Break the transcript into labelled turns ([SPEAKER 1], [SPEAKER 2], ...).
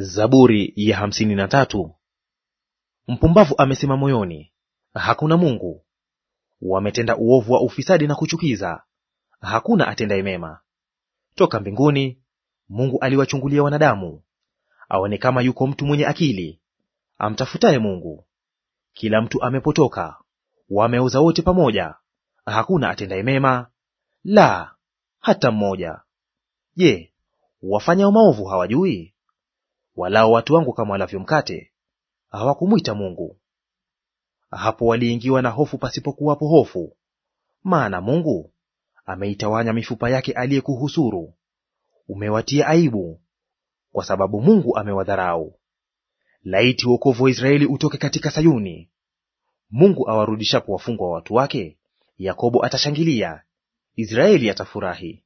[SPEAKER 1] Zaburi ya hamsini na tatu. Mpumbavu amesema moyoni, hakuna Mungu. Wametenda uovu wa ufisadi na kuchukiza, hakuna atendaye mema. Toka mbinguni Mungu aliwachungulia wanadamu, aone kama yuko mtu mwenye akili amtafutaye Mungu. Kila mtu amepotoka, wameoza wote pamoja, hakuna atendaye mema, la hata mmoja. Je, wafanyao maovu hawajui? walao watu wangu kama walavyo mkate, hawakumwita Mungu. Hapo waliingiwa na hofu pasipokuwapo hofu, maana Mungu ameitawanya mifupa yake aliyekuhusuru. Umewatia aibu, kwa sababu Mungu amewadharau. Laiti wokovu wa Israeli utoke katika Sayuni! Mungu awarudishapo wafungwa wa watu wake, Yakobo atashangilia, Israeli
[SPEAKER 2] atafurahi.